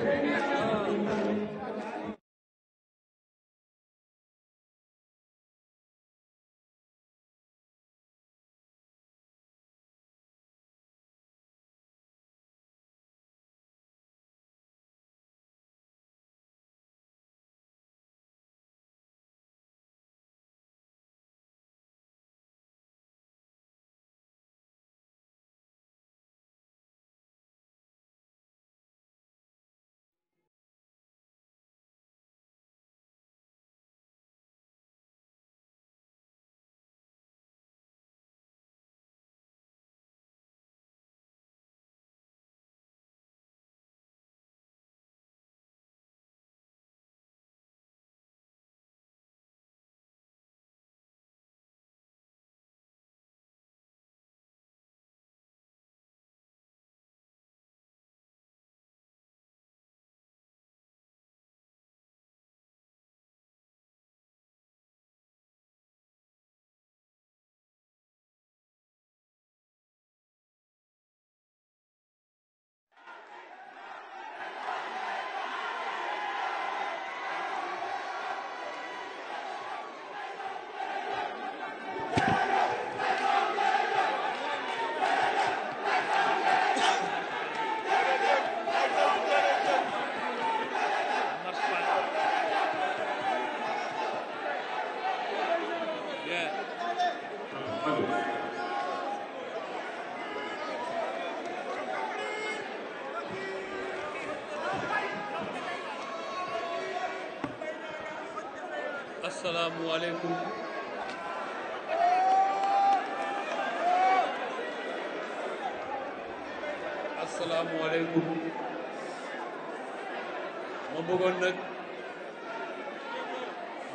Amen. asalaamu aleykum ma bëggoon nag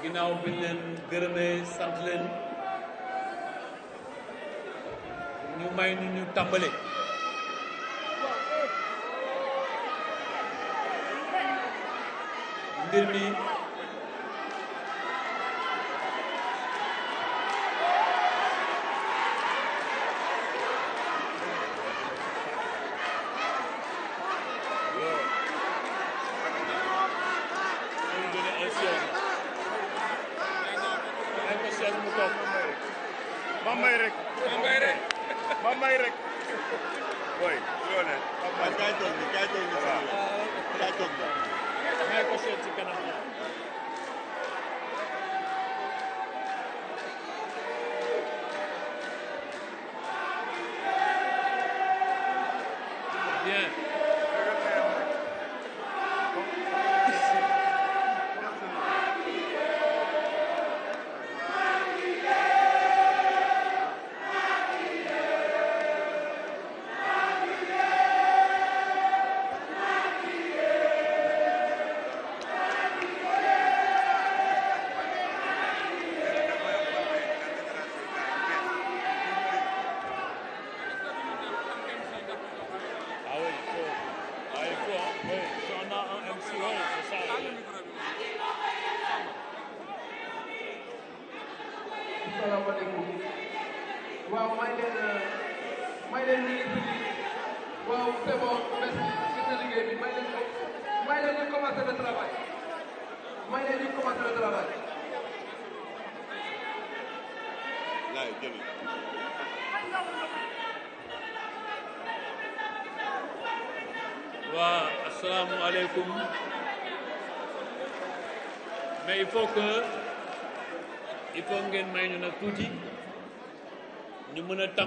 ginnaaw bi leen gërëmee sant leen ñu may nu ñu tàmbale mbir mi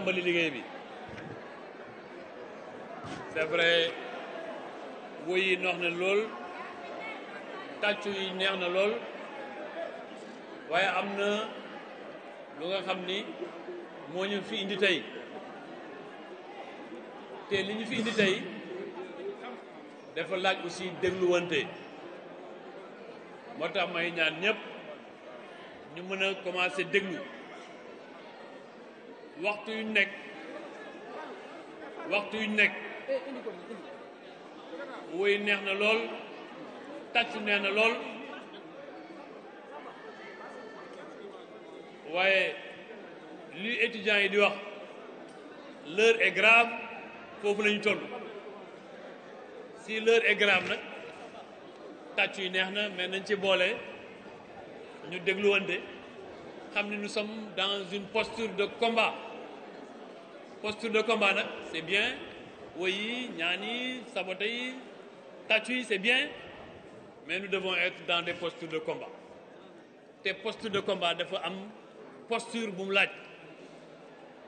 tàmbali liggéey bi c'est vrai woy yi noox na lool tàccu yi neex na lool waaye am na lu nga xam ni moo ñu fi indi tey te li ñu fi indi tey dafa laaj aussi dégluwante moo tax may ñaan ñëpp ñu mën a commencer déglu waxtu yu nekk waxtu yu nekk woy neex na lool tàccu neex na lool waaye li étudiants yi di wax l'heure est grave foofu la ñu toll si l'heure est grave nag tàccu yi neex na mais nañ ci boole ñu dégluwante nous sommes dans une posture de combat posture de combat c'est bien Oui, nyani, Sabotei, Tatui, c'est bien mais nous devons être dans des postures de combat Des postures de combat des postures posture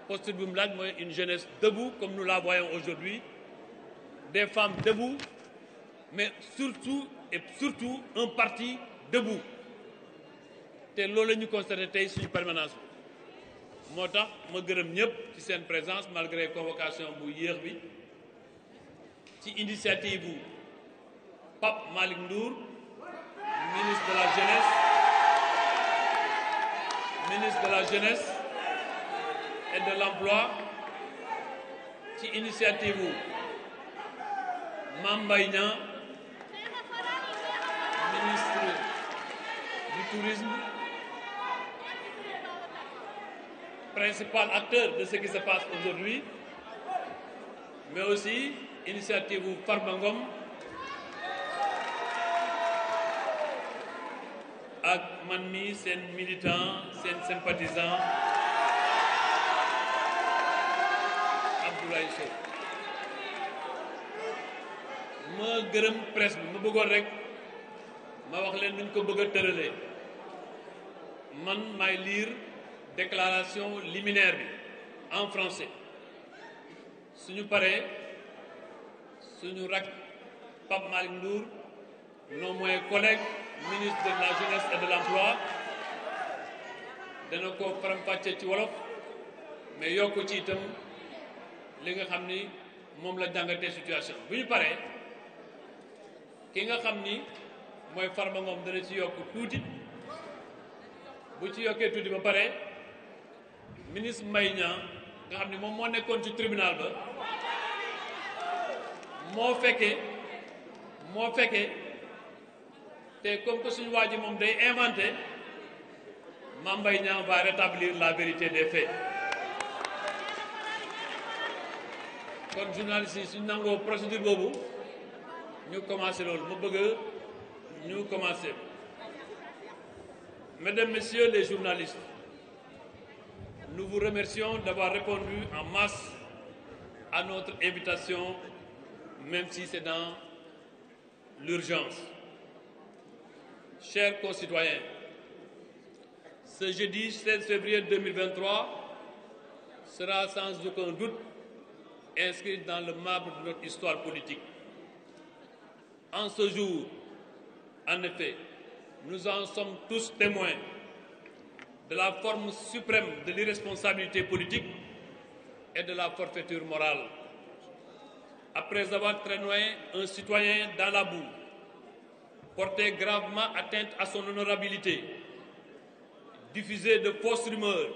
posture une jeunesse debout comme nous la voyons aujourd'hui des femmes debout mais surtout et surtout un parti debout ce que nous nous constaté ici, en permanence moi, moo tax ma présence malgré convocation bu hier. bi ci initiative Pape Malik Ndour ministre de la jeunesse ministre de la jeunesse et de l'emploi ci initiative bu Mame ministre du tourisme principal acteur de ce qui se passe aujourd'hui, mais aussi initiative Farmangom ak man mi militants, militant sympathisants. Abdoulaye Sow ma suis presse bi ma bëggoon rek ma wax leen nuñ ko bëgg man déclaration liminaire bi en français suñu paré suñu rak Pape Malick Ndour nos moy collègue ministre de la jeunesse et de l'emploi dana ko faram-fàccee ci wolof mais yokk ci itam li nga xamni mom la jangate situation buñu paré ki nga xamni moy mooy Farba Ngom dana ci yokk tuuti bu ci yokkee tuuti ba paré ministre Mbaye Niang nga xam ne moom moo nekkoon ci tribunal ba moo fekkee moo fekkee te comme que suñu waa ji moom day inventé Mame Mbaye Niang va rétablir la vérité des faits kon journaliste yi suñu nangoo procédure boobu ñu commencé loolu ma bëgg ñu commencé mesdames messieurs les journalistes Nous vous remercions d'avoir répondu en masse à notre invitation, même si c'est dans l'urgence. Chers concitoyens, ce jeudi 16 février 2023 sera sans aucun doute inscrit dans le marbre de notre histoire politique. En ce jour, en effet, nous en sommes tous témoins de la forme suprême de l'irresponsabilité politique et de la forfaiture morale. Après avoir traîné un citoyen dans la boue, porté gravement atteinte à son honorabilité, diffusé de fausses rumeurs,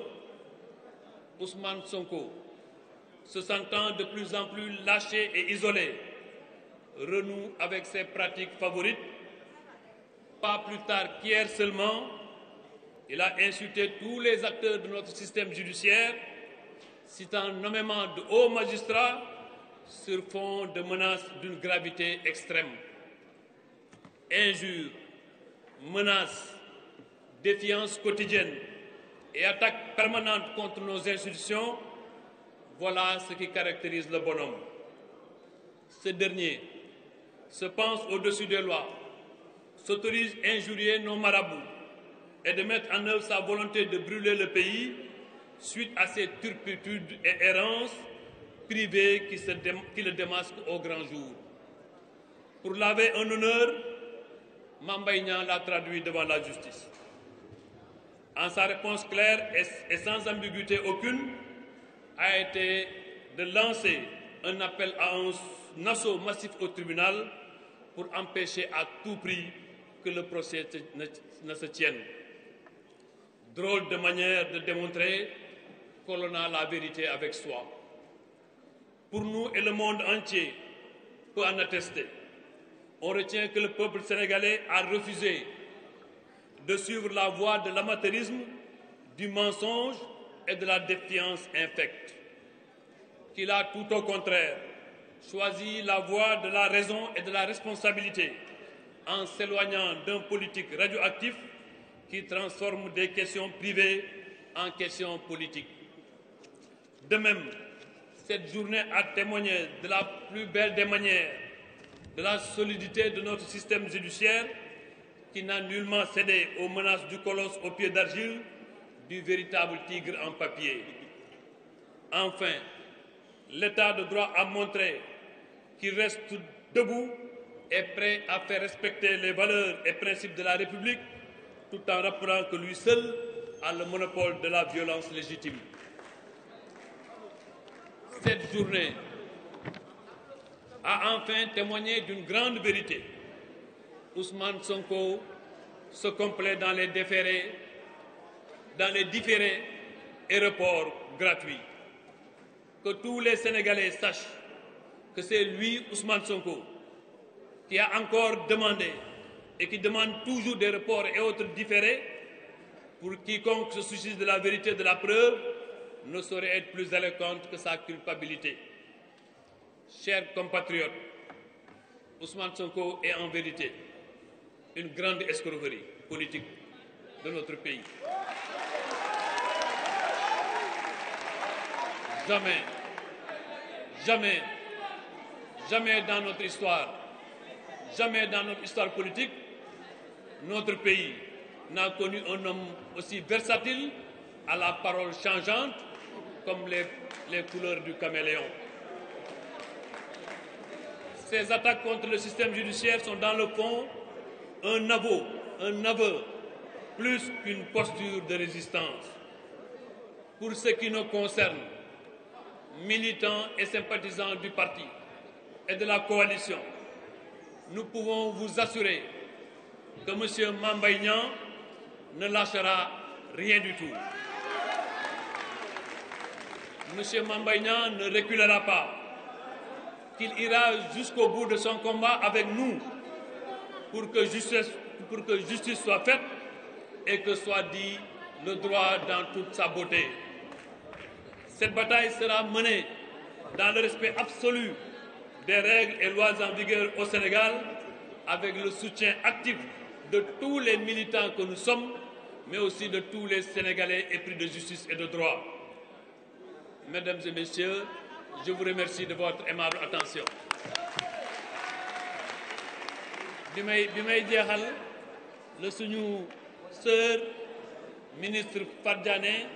Ousmane Sonko, se sentant de plus en plus lâché et isolé, renoue avec ses pratiques favorites. Pas plus tard qu'hier seulement, il a insulté tous les acteurs de notre système judiciaire, citant nommément de hauts magistrats sur fond de menaces d'une gravité extrême. Injures, menaces, défiances quotidiennes et attaques permanentes contre nos institutions, voilà ce qui caractérise le bonhomme. Ce dernier se pense au-dessus des lois, s'autorise à injurier nos marabouts, et de mettre en œuvre sa volonté de brûler le pays suite à ses turpitudes et errances privées qui, qui le démasquent au grand jour. Pour laver un honneur, Mambaïnian l'a traduit devant la justice. En sa réponse claire et sans ambiguïté aucune, a été de lancer un appel à un assaut massif au tribunal pour empêcher à tout prix que le procès ne se tienne drôle de manière de démontrer qu'on a la vérité avec soi. Pour nous et le monde entier peut en attester. On retient que le peuple sénégalais a refusé de suivre la voie de l'amateurisme, du mensonge et de la défiance infecte. Qu'il a tout au contraire choisi la voie de la raison et de la responsabilité en s'éloignant d'un politique radioactif qui transforme des questions privées en questions politiques. De même, cette journée a témoigné de la plus belle des manières de la solidité de notre système judiciaire qui n'a nullement cédé aux menaces du colosse au pied d'argile, du véritable tigre en papier. Enfin, l'État de droit a montré qu'il reste debout et prêt à faire respecter les valeurs et principes de la République tout en rappelant que lui seul a le monopole de la violence légitime. Cette journée a enfin témoigné d'une grande vérité. Ousmane Sonko se complaît dans les déférés, dans les différés et reports gratuits. Que tous les Sénégalais sachent que c'est lui, Ousmane Sonko, qui a encore demandé et qui demande toujours des reports et autres différés, pour quiconque se soucie de la vérité de la preuve, ne saurait être plus éloquente que sa culpabilité. Chers compatriotes, Ousmane Sonko est en vérité une grande escroquerie politique de notre pays. Jamais, jamais, jamais dans notre histoire, jamais dans notre histoire politique, notre pays n'a connu un homme aussi versatile, à la parole changeante, comme les, couleurs du caméléon. Ces attaques contre le système judiciaire sont dans le fond un aveu, un aveu, plus qu'une posture de résistance. Pour ce qui nous concerne, militants et sympathisants du parti et de la coalition, nous pouvons vous assurer que M. Mambaignan ne lâchera rien du tout. M. Mambaignan ne reculera pas, qu'il ira jusqu'au bout de son combat avec nous pour que justice, pour que justice soit faite et que soit dit le droit dans toute sa beauté. Cette bataille sera menée dans le respect absolu des règles et lois en vigueur au Sénégal avec le soutien actif de tous les militants que nous sommes, mais aussi de tous les Sénégalais épris de justice et de droit. Mesdames et messieurs, je vous remercie de votre aimable attention. Le le sœur ministre Fadjane,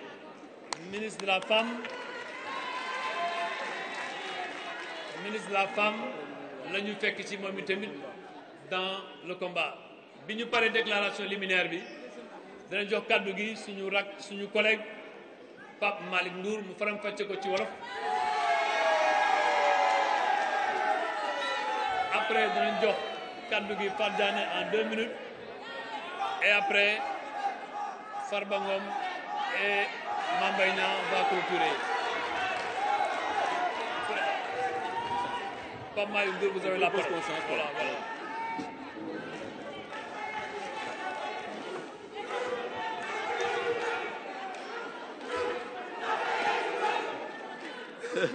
ministre de la femme ministre de la femme le dans le combat biñu paré déclaration liminaire bi dana jox cadeau gi suñu rak suñu collègue Pape Malik Ndour mu faram faccé ko ci wolof après dana jox cadeau gi Pape en deux minutes et après Farba et Mambayna vont va clôturer Pape Malick Ndour vous avez la parole Nous you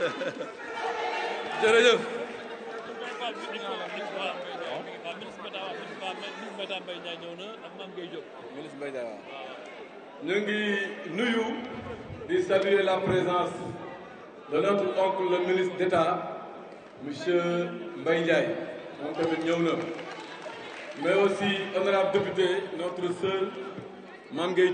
la présence de notre oncle le ministre d'État M. mais aussi honorable député notre sœur Mangé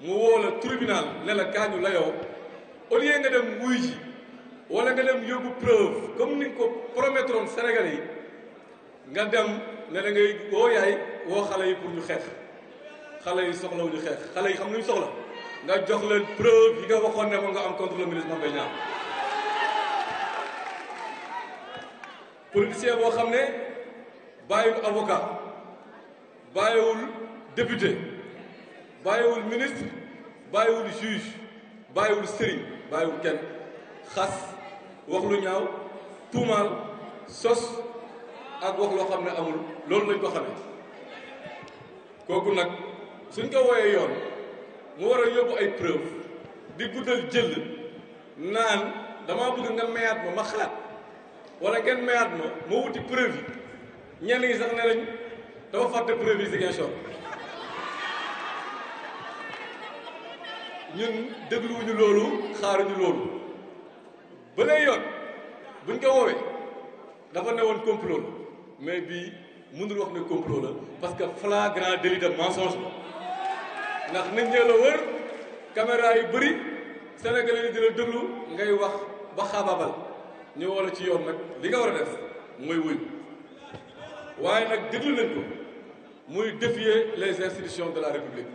mu woo la tribunal ne la kaa layoo au lieu nga dem wuy ji wala nga dem yóbbu preuve comme ni nga ko promettoon Sénégalais yi nga dem ne da ngay woo yaay woo xale yi pour ñu xeex xale yi wu ñu xeex xale yi xam lu ñu soxla nga jox leen preuve yi nga waxoon ne moom nga am contre le ministre Mame Mbaye politicien boo xam ne bàyyiwul avocat bàyyiwul député bàyyiwul ministre bàyyiwul juge bàyyiwul sëriñ bàyyiwul kenn xas wax lu ñaaw tuumaal sos ak wax loo xam ne amul loolu lañ ko xamee kooku nag suñ ko woyee yoon mu war a yóbbu ay preuve di guddal jël naan dama bëgg nga mayaat ma ma xalaat wala ngeen mayaat ma ma wuti preuve yi ñenn ñi sax ne lañ dafa fàtte preuve yi si ñun dégluwuñu loolu xaaruñu loolu ba yoon buñ ko woowee dafa ne woon complot la mais bii mënul wax ne complot la parce que flagrant délit de mensonge la ndax nit ñee la wër caméra yu bëri sénégalais yi di la déglu ngay wax ba xaabaabal ñu woo la ci yoon nag li nga war a def mooy wuyu waaye nag déglu nañ ko muy défier les institutions de la république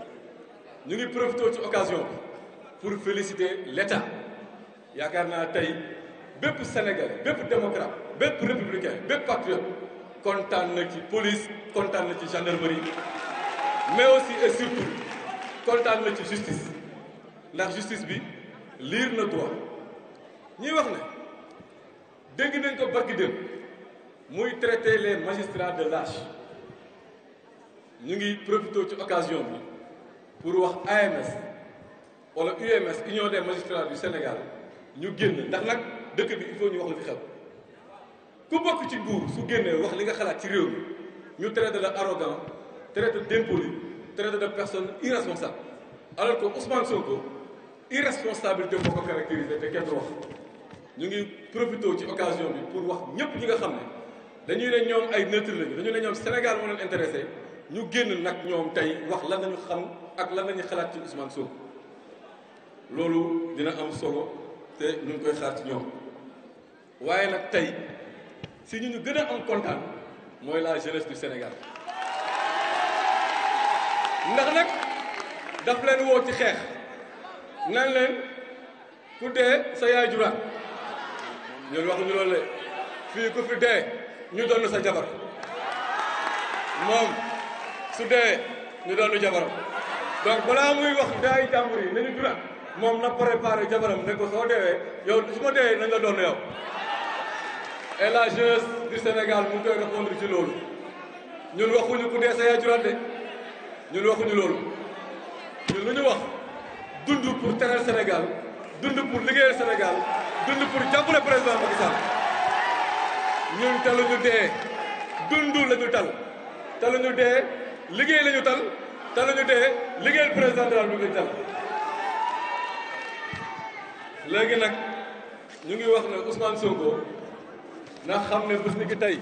ñu ngi profité ci occasion bi pour féliciter l'État yaakaar naa tey bépp Sénégalais bépp démocrate bépp républicain bépp patriote kontaan na ci police kontaan na ci gendarmerie mais aussi et surtout kontaan na ci justice ndax justice bi liir na droit ñuy wax na dégg nañ ko barki démb muy traiter les magistrats de lâches ñu ngi profité ci occasion bi pour wax AMS wala UMS Union des magistrats du Sénégal ñu génn ndax nag dëkk bi il faut ñu wax la fi xew ku bokk ci nguur su génnee wax li nga xalaat ci réew mi ñu traité la arrogant traité d'impoli traité de personne irresponsable alors que Ousmane Sonko irresponsabilité boo ko caractérisé te kenn du wax ñu ngi profité ci occasion bi pour wax ñëpp ñi nga xam ne dañuy ne ñoom ay neutre lañu dañu ne ñoom Sénégal moo leen intéressé ñu génn nag ñoom tey wax lan nañu xam ak lan nañu xalaat ci Ousmane Sonko. loolu dina am solo te ñu ngi koy xaar ñoom waaye nag tey si ñu ñu gën am kontaan mooy la jeunesse du Sénégal ndax nag daf leen woo ci xeex nan leen ku dee sa yaay juraat ñun waxuñu loolu le fii ku fi dee ñu doon sa jabar moom su dee ñu doon jabaram donc balaa muy wax daay jàmbur yi nañu juraat moom na préparé jabaram ne ko soo deewee yow su ma deewee na nga doon yow et la jeunesse du Sénégal mu ngi koy répondre ci loolu ñun waxuñu ku dee sa de ñun waxuñu loolu ñun lu ñu wax dund pour teral Sénégal dund pour liggéeyal Sénégal dund pour jàppale président Macky Sall ñun taluñu dee dund la ñu tal taluñu dee liggéey la ñu tal taluñu dee liggéeyal président de la République tal léegi nag ñu ngi wax ne Ousmane Sonko ndax xam ne bés ni ki tey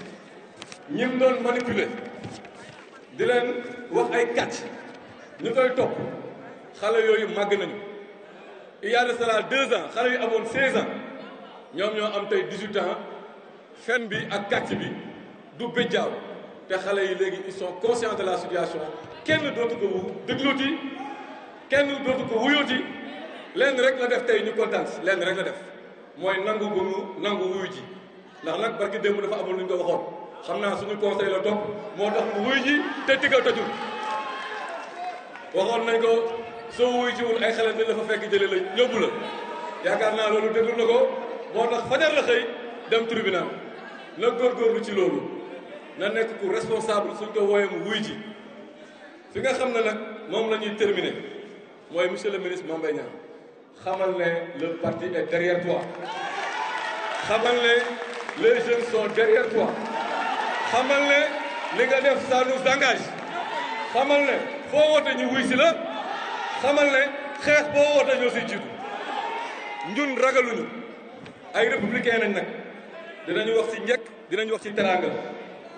ñim doon manipuler di leen wax ay kàcc ñu koy topp xale yooyu màgg nañu il y a de cela deux ans xale yu amoon seize ans ñoom ñoo am tey dix-huit fen bi ak kàcc bi du béjjaaw te xale yi léegi ils sont conscients de la situation kenn dootu ko déglooti kenn dootu ko wuyooti lenn rek la def tey ñu kontaan lenn rek la def mooy nangu bu nangu wuyu ji ndax nag barki démb dafa amul lu ñu ko waxoon xam naa suñu conseil la topp moo tax mu wuyu ji te tigga tojul waxoon nañ ko soo wuyu jiwul ay xelal dañ la fekk jëlee la yóbbu la yaakaar naa loolu déglu na ko moo tax fajar la xëy dem tribunal na góorgóorlu ci loolu na nekk ku responsable suñ ko wooyee mu wuyu ji fi nga xam ne nag moom la ñuy terminer mooy monsieur le ministre Mame Mbaye xamal ne le parti est derrière toi xamal ne les jeunes sont derrière toi xamal def ça nous xamal ne foo woote ñu wuy si la xamal ne xeex boo woote ñoo si jiitu ñun ragaluñu ay républicain nañ nag dinañu wax ci njëkk dinañu wax ci teraanga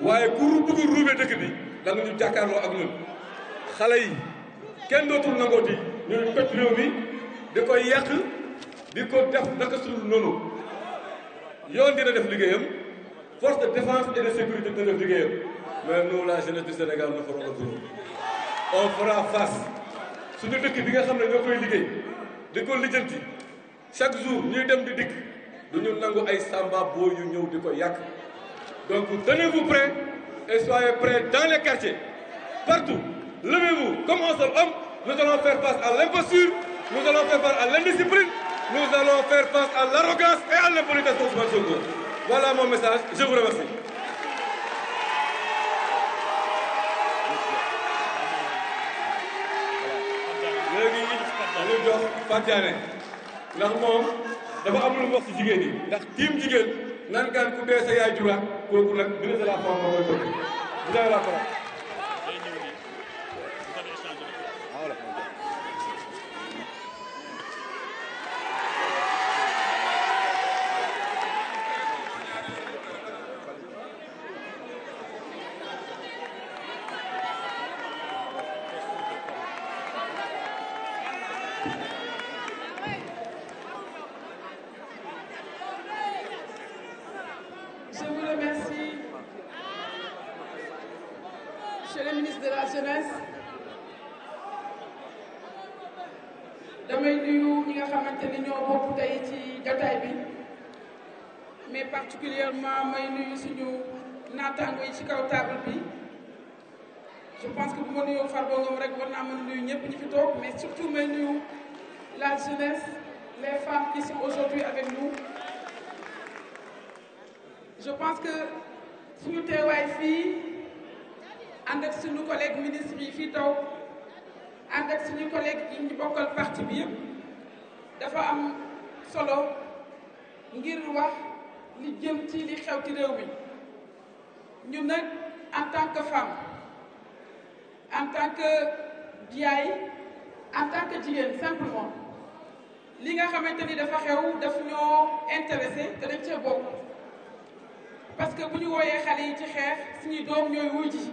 waaye ku bëgg ruube dëkk bi da ñu jàkkaarloo ak ñun xale yi kenn dootul nangooti ñu toj réew mi di ko yàq di ko def naka sul noonu yoon dina def liggéeyam force de défense et de sécurité dina def liggéeyam mais nous la jeunesse du Sénégal nous ferons le tour on fera face suñu dëkk bi nga xam ne ñoo koy liggéey di ko lijjanti chaque jour ñuy dem di dikk du ñu nangu ay samba boo yu ñëw di ko donc tenez-vous prêts et soyez prêts dans les quartiers partout levez-vous comme un seul homme nous allons faire face à l'imposture nous allons faire face à l'indiscipline, nous allons faire face à l'arrogance et à l'impolitesse Voilà mon message, je vous remercie. ànd ak suñu collègue ministre yi fii taw ànd ak suñu collègue yi ñu parti bi yëpp dafa am solo ngir wax li jëm li xew ci réew mi ñu en tant que femme en tant que yaay en tant que jigéen simplement li nga xamante ni dafa xew daf ñoo intéressé te dañ cee bokk parce que bu ñu wooyee xale yi ci xeex suñuy doom ñooy wuy ji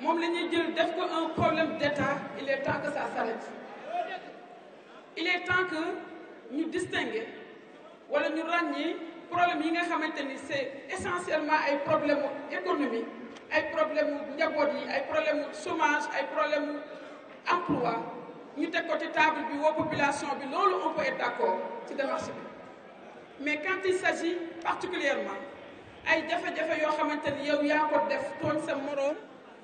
mom la ñuy jël def ko un problème d'État il est temps que ça s'arrête il est temps que ñu distinguer wala ñu ràññee problème yi nga c'est essentiellement ay problème économique ay problème de yi ay problème chômage ay problème d'emploi. emploi ñu tek ko ci table bi population bi pouvons on peut être d'accord ci démarche mais quand il s'agit particulièrement ay problème jafe yo xamanteni y yow ya ko def ton sa morom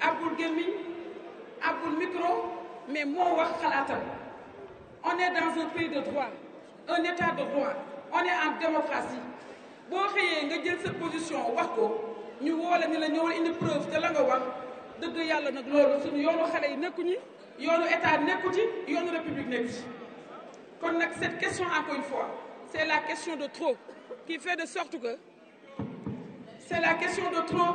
àbbul gémmiñ àbbul micro mais moi, wax xalaatam on est dans un pays de droit un état de droit on est en démocratie Si xëyee nga jël sa position wax ko ñu ni la ñëwal preuve de la nga De dëgg yàlla nag loolu suñu yoonu xale yi nekku ñi yoonu état une yoonu république nekku kon cette question encore une fois c'est la question de trop qui fait de sorte que c'est la question de trop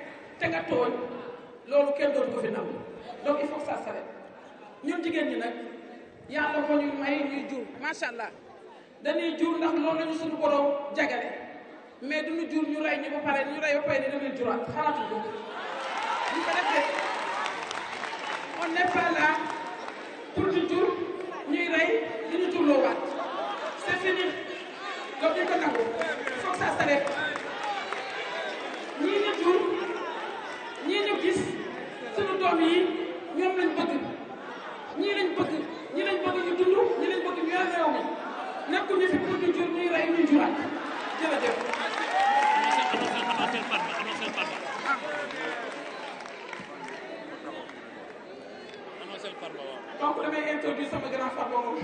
te nga tooñ loolu kenn dootu ko fi nam donc il faut que ñun jigéen ñi nag yàlla ko ñu may ñuy jur macha allah dañuy jur ndax loolu la suñu borom jagale mais duñu jur ñu rey ñu ñu rey ba pare ni dañuy ñu ko defee on n'est pas ñu ñu jur ñii ñu gis suñu doom yi ñoom lañ bëgg ñii bëgg ñii lañ ñu dund ñii lañ bëgg ñu yor réew mi ñu fi pour jur ñuy rey ñuy juraat jërëjëf donc damay introduire sama grand Farba moom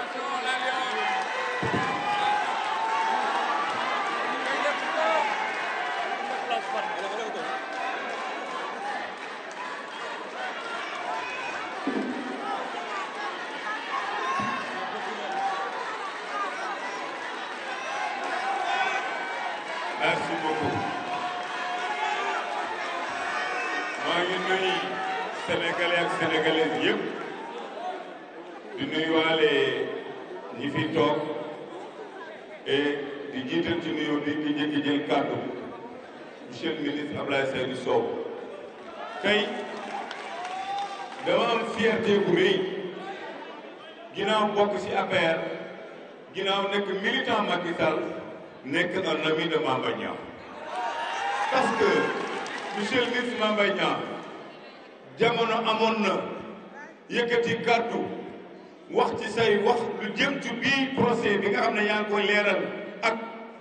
Attention, la Lyon sénégalais ak sénégalaises yëpp di nuyuwaale ñi fi toog et di jiital ci nuyoo bi ki njëkk jël kàddu monsieur le ministre Abdoulaye Seydou Sow tey dama am fierté bu rëy ginnaaw bokk ci APR ginnaaw nekk militant Macky Sall nekk un ami de Mamba Niang parce que monsieur le ministre Mamba Niang jamono amoon na yëkkati kàddu wax ci say wax lu jëm ci bii procès bi nga xam ne yaa ngi koy leeral ak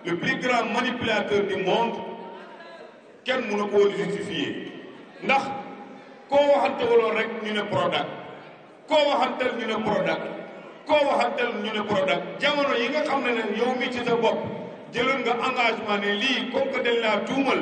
le plus grand manipulateur du monde kenn mënu ko woon justifier ndax koo waxantewuloon rek ñu ne Prodac koo ñu ne Prodac koo waxantel ñu ne Prodac jamono yi nga xam ne nag yow mi ci sa bopp jëloon nga engagement ne lii comme que dañ tuumal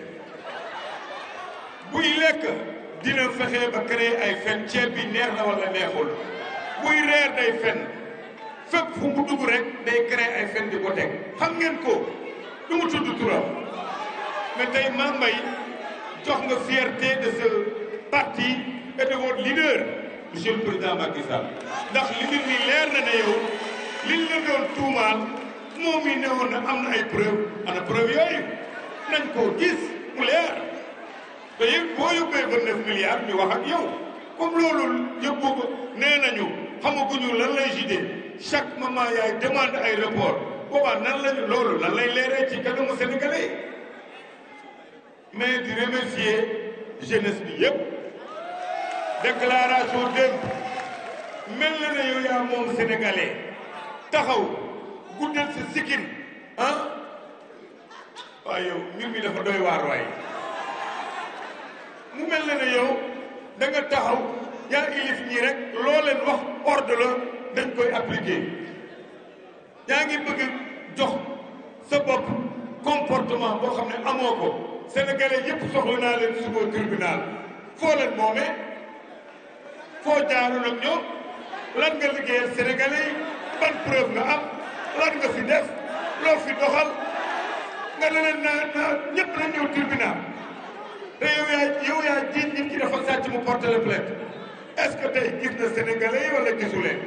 buy lekk dina fexe ba créer ay fen ceeb bi neex na wala neexul buy reer day fen fépp fu mu dugg rek day créer ay fen di ko teg ngeen ko du mu tudd turam mais tey Mame Mbaye jox nga fierté de ce parti et de votre leader monsieur le président Macky Sall ndax li nit ñi leer na ne yow liñ la doon tuumaal moom yi newoon na am na ay preuve a preuve yooyu nañ koo gis mu leer te it boo yóbbee ba neuf milliards ñu wax ak yow comme loolu yëpp ko nee nañu xamaguñu lan lay juddee chaque moment yaay demande ay report boobaa nan lañu loolu lan lay leeree ci kanamu sénégalais mais di remercier jeunesse bi yëpp déclaration démb mel na ne yaa moom sénégalais taxaw guddal sa sikkin ah. waaye yow mbir mi dafa doy waar waay mu mel na ne yow da nga taxaw yaa ilif ñi rek loo leen wax ordre la dañ koy appliquer yaa ngi bëgg jox sa bopp comportement boo xam ne amoo ko sénégalais yëpp soxla naa leen suba tribunal foo leen moomee foo jaaroon ak ñoom lan nga liggéeyal sénégalais ban preuve nga am lan nga fi def loo fi doxal nga ne leen naa naa ñëpp la te yow yaa yow yaa jiiñ nit ki dafa sàcc mu porté la plainte tey gis na sénégalais yi wala gisu leen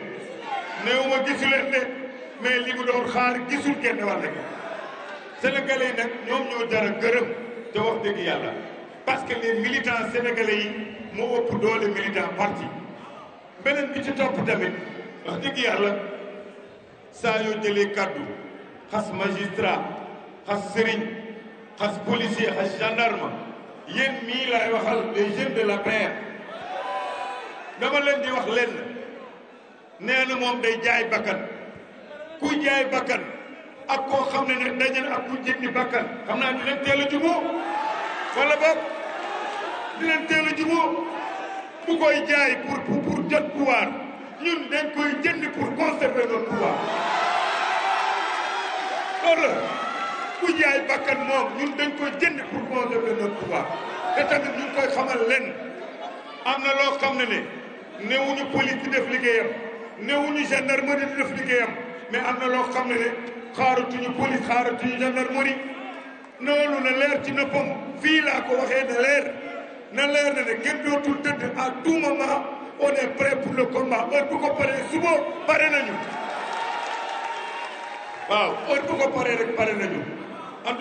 néew ma gisu leen de mais li mu doon xaar gisul kenn wàll gi sénégalais yi nag ñoom ñoo dara gërëm te wax dëgg yàlla parce que les militants sénégalais yi moo ëpp doole militant parti beneen bi ci topp tamit wax dëgg xas magistrat xas sëriñ xas policier xas gendarme yéen mii waxal les jeunes de la dama leen di wax lenn nee na moom day jaay bakkan ku jaay bakkan ak koo xam ne nag daje na ak ku jëndi bakkan xam naa dinañ teel a jubóo wala boog dinañ teel a jubóo bu jaay pour pour pour jot pouvoir ñun dañ koy jënd pour conserver notre pouvoir ku jaay bakkan moom ñun dañ koy jënd pour conserver notre pouvoir te tamit ñu koy xamal leen am na loo xam ne ne newuñu police di def liggéeyam newuñu gendarmerie di def liggéeyam mais am na loo xam ne ne xaaratuñu police xaaratuñu gendarmerie noonu na leer ci nëppam fii laa ko waxee na leer na leer na ne kenn dootul tëdd à tout moment on est prêt pour le combat heure bu ko paree suba pare nañu waaw heure bu ko paree rek pare nañu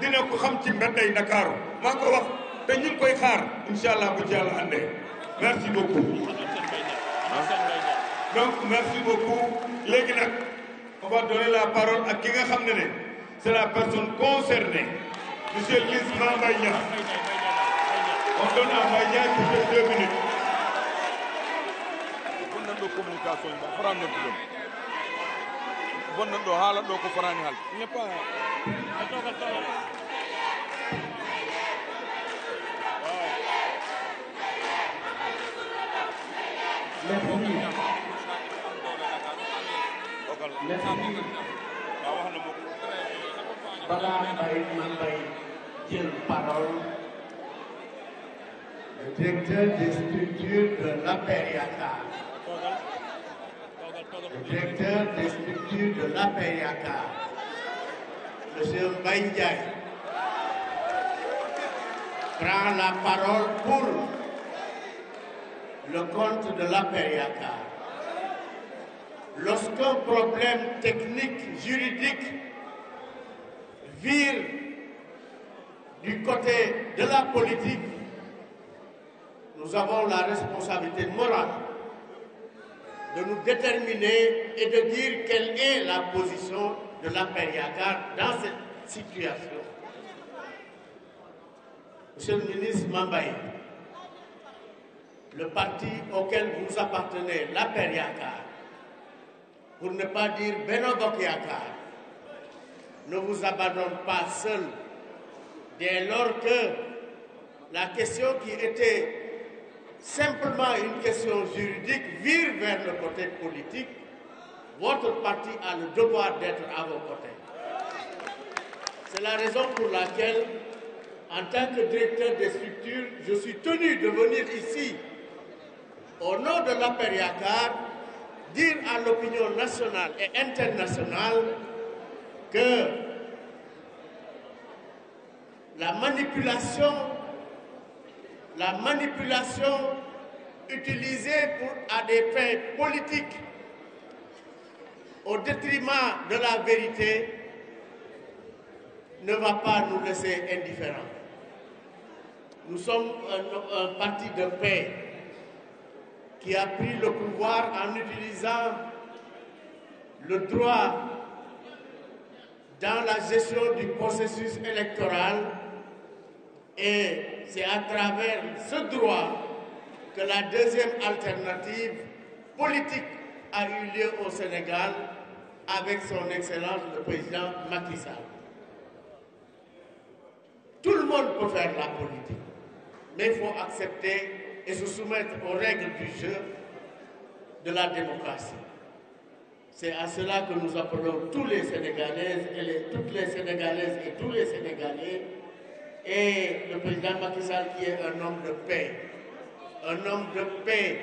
dina ko xam ci mbedday Ndakaaru maa ko wax te ñu koy xaar incha allah bu ci yàlla àndee merci beaucoup. donc merci beaucoup léegi nag on va donner la parole ak ki nga xam ne ne c'est la personne concernée monsieur Liss Mbaye Niass on donne à Mbaye Niass pour deux minutes. bonnan ɗo haalan ɗo ko forani haalde directeur des structures de l'APR le directeur des structures de l'APEIACA, M. Mbaïndiaï, prend la parole pour le compte de l'APEIACA. Lorsqu'un problème technique, juridique, vire du côté de la politique, nous avons la responsabilité morale de nous déterminer et de dire quelle est la position de la Périacar dans cette situation. Monsieur le ministre Mambaye, le parti auquel vous appartenez, la Périacar, pour ne pas dire Benogokiakar, ne vous abandonne pas seul dès lors que la question qui était simplement une question juridique, vire vers le côté politique, votre parti a le devoir d'être à vos côtés. C'est la raison pour laquelle, en tant que directeur des structures, je suis tenu de venir ici, au nom de la l'APERIACAR, dire à l'opinion nationale et internationale que la manipulation la manipulation utilisée pour, à des fins politiques au détriment de la vérité ne va pas nous laisser indifférents. Nous sommes un, un parti de paix qui a pris le pouvoir en utilisant le droit dans la gestion du processus électoral et c'est à travers ce droit que la deuxième alternative politique a eu lieu au Sénégal avec son Excellence le Président Macky Sall. Tout le monde peut faire la politique, mais il faut accepter et se soumettre aux règles du jeu de la démocratie. C'est à cela que nous appelons tous les Sénégalaises et toutes les Sénégalaises et tous les Sénégalais et le président Macky Sall qui est un homme de paix, un homme de paix,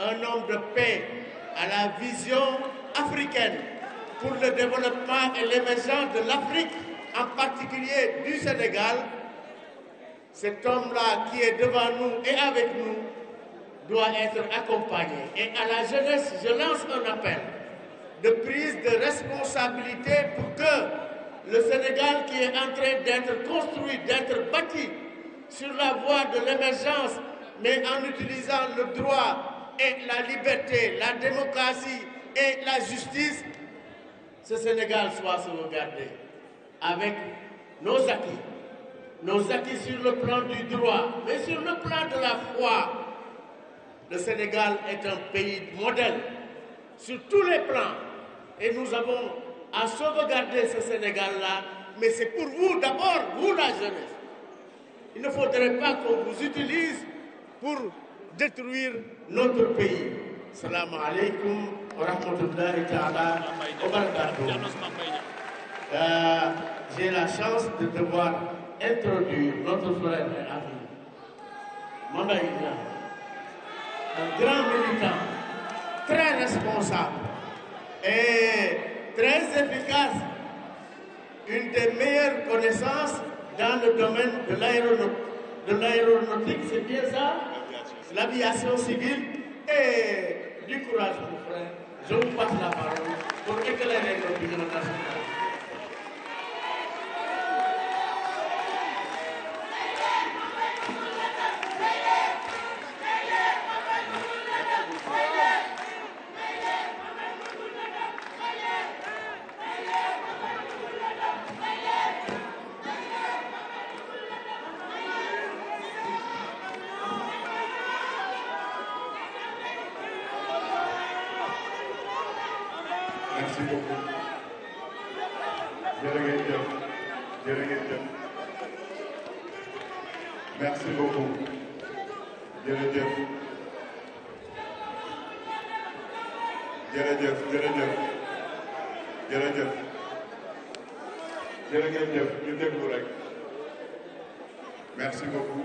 un homme de paix à la vision africaine pour le développement et l'émergence de l'Afrique, en particulier du Sénégal, cet homme-là qui est devant nous et avec nous doit être accompagné. Et à la jeunesse, je lance un appel de prise de responsabilité pour que le Sénégal qui est en train d'être construit, d'être bâti sur la voie de l'émergence, mais en utilisant le droit et la liberté, la démocratie et la justice, ce Sénégal soit sauvegardé avec nos acquis, nos acquis sur le plan du droit, mais sur le plan de la foi. Le Sénégal est un pays modèle sur tous les plans et nous avons à sauvegarder ce Sénégal-là, mais c'est pour vous d'abord, vous la jeunesse. Il ne faudrait pas qu'on vous utilise pour détruire notre pays. Salam alaikum euh, J'ai la chance de devoir introduire notre frère ami, Manda un grand militant, très responsable et très efficace, une des meilleures connaissances dans le domaine de l'aéronautique, c'est bien ça L'aviation civile. Et du courage, mon frère. Je vous passe la parole pour éclairer la nationale. merci beaucoup jërëjëf jërëjëf jërëjëf jërëjëf jërë ngeen ñu déglu rek merci beaucoup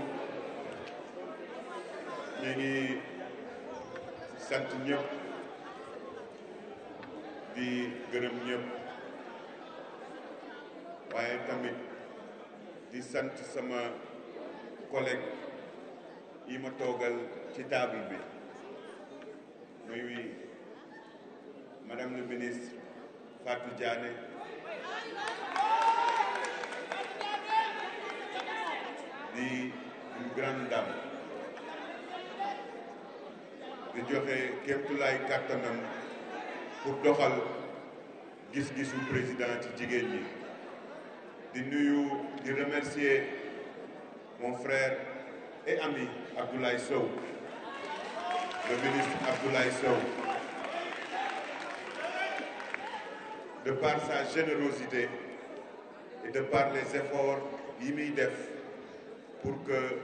ñu ngi sant ñëpp di gërëm ñëpp waaye tamit di sant sama collègue yi ma togal ci table bi muy oui, madame le ministre Fatou Diané di une grande dame di joxe képp lay kàttanam pour doxal gis-gisu président ci jigéen ñi di nuyu di remercier mon frère et ami Abdoulaye Sow, le ministre Abdoulaye Sow, de par sa générosité et de par les efforts immédiats pour que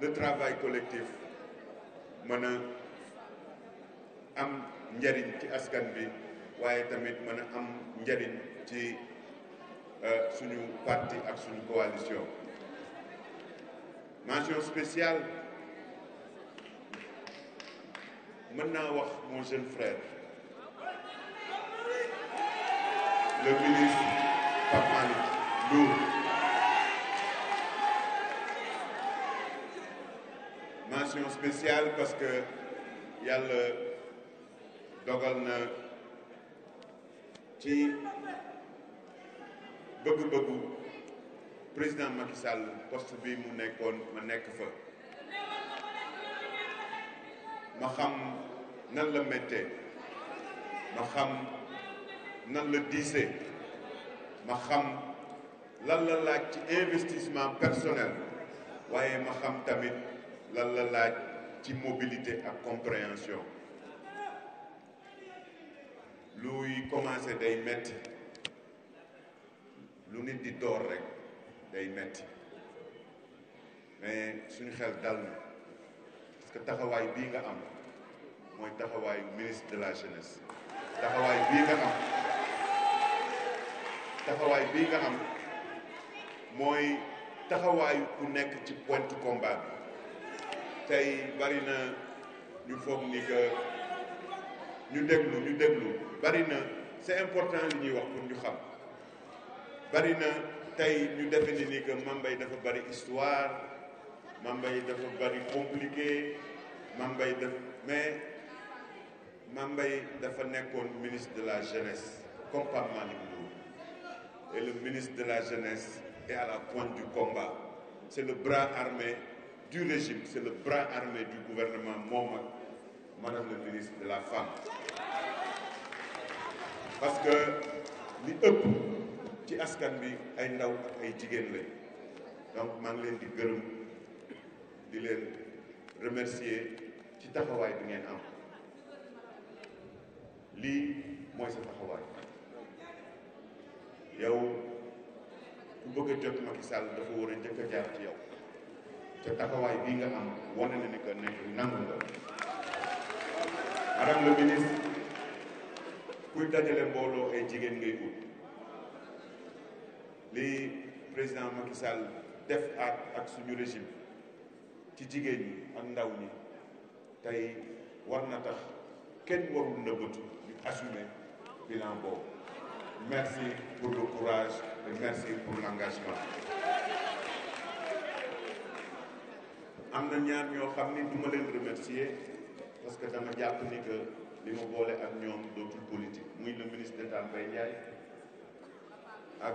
le travail collectif mën am njariñ ci askan bi waye tamit mën am njariñ ci euh, suñu parti ak suñu coalition mention spéciale maintenant, mon jeune frère le ministre Pape nous. mention spéciale parce que a dogal na qui, beaucoup, beaucoup, président Macky Sall poste bi mu nekkone ma nekk fa ma xam nan la metté ma xam nan la diisee ma xam lan la laaj ci investissement personnel waye ma xam tamit lan la laaj ci mobilité ak compréhension Lui commencé day metti lu nit di door rek day metti mais suñu xel dal na parce que taxawaay bii nga am mooy taxawaayu ministre de la jeunesse taxawaay bii nga am taxawaay bii nga am mooy taxawaayu ku nekk ci pointe combat bi tey bari na ñu foog ni que ñu déglu ñu déglu bari na c'est important li ñuy wax pour ñu xam bari nous devons dire ni que Mambay dafa bari histoire Mambay dafa bari compliqué Mambay def mais Mambay dafa nekkoon ministre de la jeunesse comme Pape Malick et le ministre de la jeunesse est à la pointe du combat c'est le bras armé du régime c'est le bras armé du gouvernement moom madame la ministre de la femme parce que li ëpp ci askan bi ay ndaw ak ay jigen lay donc ma ngi len di gërëm di len remercier ci taxaway bi ngeen am li moy sa taxaway yow ku bëgg a jot Macky Sall dafa wara jëk jaar ci yow ci taxaway bi nga am woné na ni ko ne nangul do madame le ministre kuy dajale mbooloo ay jigéen ngay ut Le président Macky Sall def ak ak suñu régime ci jigéen ñi ak ndaw ñi tey war na tax kenn warul nëbbatu ñu assumer bilan boobu merci pour le courage et merci pour l'engagement am na ñaar ñoo xam ni duma leen remercier parce que dama jàpp ni que li ma boole ak ñoom dootul politique muy le ministre d'État Mbaye Ndiaye ak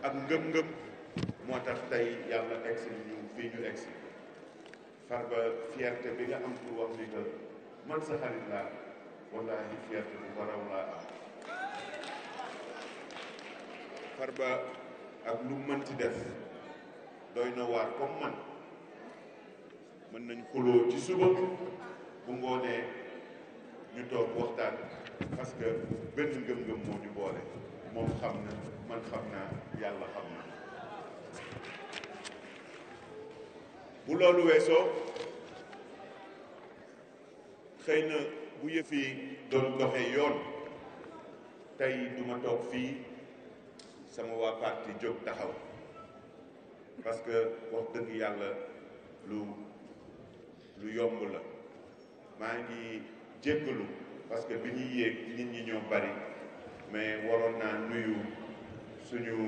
ak ngëm-ngëm moo tax tey yàlla egsi ñu fii ñu farba fierté bi nga am pour wax ni que man sa xarit laa wallahi fierté bu baraw laa am farba ak lu mën ci def doy na waar comme man mën nañ xuloo ci suba bu ngoonee ñu toog waxtaan parce que benn ngëm-ngëm moo ñu boole moom xam na man xam naa yàlla xam na bu loolu weesoo xëy na bu yëfi yi doon doxee yoon tey du toog fii sama waa parti jóg taxaw parce que wax dëgg yàlla lu lu yomb la maa ngi jéggalu parce que bi ñuy yéeg nit ñi ñoo bari mais waroon naa nuyu suñu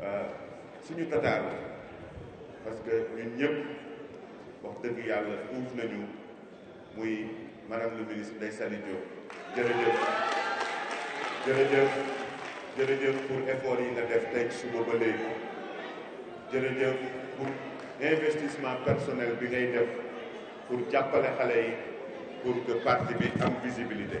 euh, suñu tataar parce que ñun ñëpp wax dëgg yàlla uuf nañu muy madame le ministre Ndeye Saly Diop jërëjëf jërëjëf jërëjëf pour effort yi la def tey suba ba léegi jërëjëf pour investissement personnel bi ngay def pour jàppale xale yi pour que bi am visibilité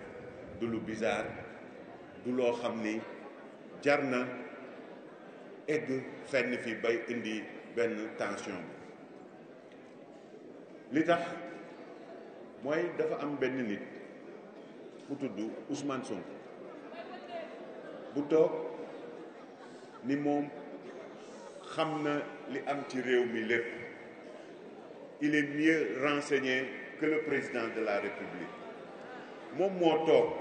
du lu bizarre du loo xam ni jar na egg fenn fi bay indi benn tension bi li tax mooy dafa am benn nit bu tudd Ousmane Sonko bu toog ni moom xam li am ci il est mieux renseigné que le président de la République moom moo toog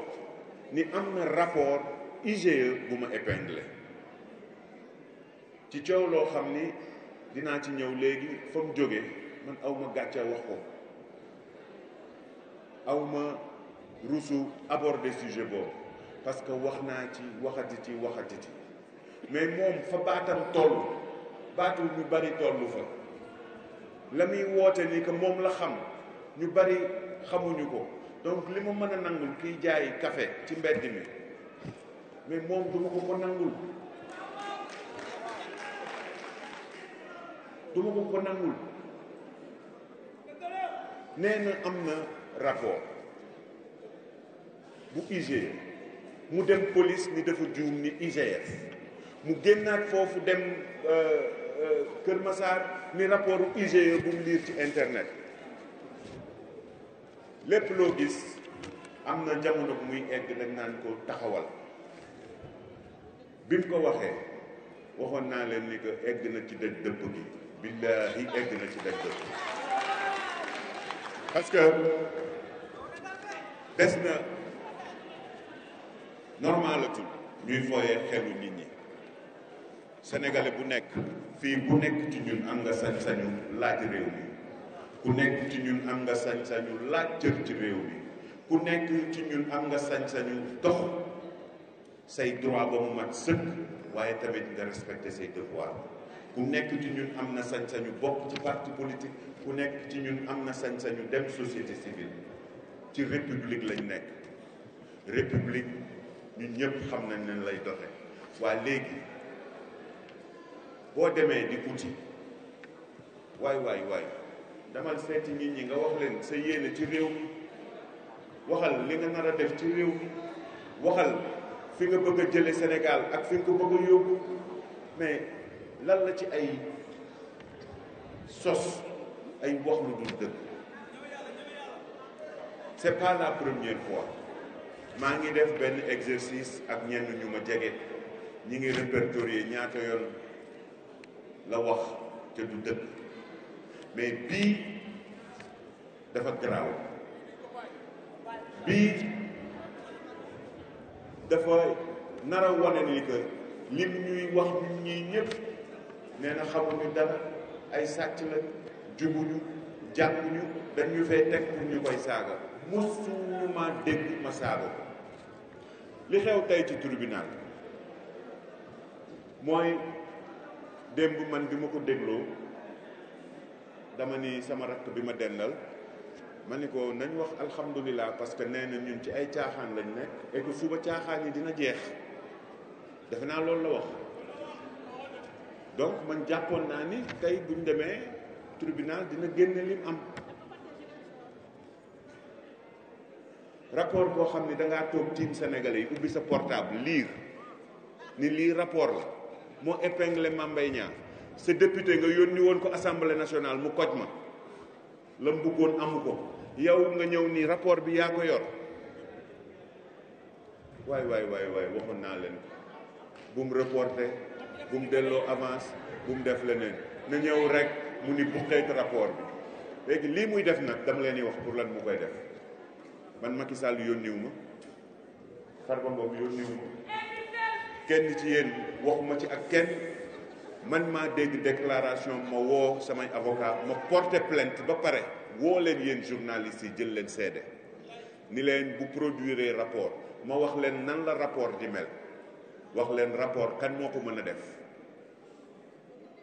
ni am na rapport IGE bu ma épinglé ci coow loo xam ni dinaa ci ñëw léegi fa mu jógee man awma gàcca wax ko awma rusu aborder sujet boobu parce que wax naa ci waxati ci waxati ci mais moom fa baatam toll baatu ñu bari toll fa la muy woote ni que moom la xam ñu bari xamuñu ko donc li ma mën a nangul kiy jaay kafe ci mbedd mi mais moom duma ko ko nangul duma ko ko nangul nee na am na rapport bu ug mu dem police ni dafa juum ni IGF mu génnaat foofu dem euh, euh, Kër Massar ni rapport bu IGE bu mu liir ci internet lépp loo gis am na jamono bu muy egg nag naan ko taxawal bi ko waxee waxoon naa leen ni ko egg na ci daj dëpp bi billaahi egg na ci daj dëpp parce des na normalatul ñuy fooyee xelu nit ñi sénégalais bu nekk fii bu nekk ci ñun am nga sañ-sañu laaj réew mi ku nekk ci ñun am nga sañ-sañu ci réew mi ku nekk ci ñun am nga sañ-sañu dox say droit ba mu mat sëkk waaye tamit nga respecter say devoir ku nekk ci ñun am na sañ-sañu bokk ci parti politique ku nekk ci ñun am na sañ-sañu dem société civile ci république lañ nekk république ñu ñépp xam nañ leen lay doxe waaye léegi boo demee di uti waay waay waay damal seeti nit ñi nga wax leen sa yéene ci réew mi waxal li nga nar a def ci réew mi waxal fi nga bëgg a jële Sénégal ak fi nga ko bëgg a yóbbu mais lan la ci ay sos ay wax lu dul dëgg c'est pas la première fois maa ngi def benn exercice ak ñenn ñu ma jege ñi ngi répertorier ñaata yoon la wax te du dëgg mais bii dafa garaaw bii dafa nar a wane ni que lim ñuy wax ñun ñii ñëpp na xamuñu dara ay sàcc la jubuñu jànguñu dañu fay teg pour ñu koy saaga musuma dégg ma saaga ko li xew tey ci tribunal mooy démb man bi ma ko dégloo dama ni sama rak bi ma dendal maniko ko nañ wax alhamdullilah parce que nee ñun ci ay tiaxan lañ nek et que suba tiaxan yi dina jeex def na lool la wax donc man jappon na ni tay buñ démé tribunal dina génne lim am rapport bo xamni da nga tok team sénégalais yi sa portable lire ni li rapport la mo épingler mambay ñaar sa député nga yónni woon ko assemblée nationale mu koj ma la mu bëggoon amu ko yow nga ñëw nii rapport bi yaa ko yor waay waay waay waay waxoon naa leen bu mu reporté bu delloo avance bu def leneen na ñëw rek mu ni buqeet rapport bi léegi lii muy def nag dama leen di wax pour lan mu koy def man Macky Sall yónniwu ma Farba Ngom ma kenn ci yéen waxuma ci ak kenn man maa dégg déclaration ma woo samay avocat ma porté plainte ba pare woo leen yéen journalistes yi jël leen seede ni leen bu produire rapport ma wax leen nan la rapport di mel wax leen rapport kan moo ko mën a def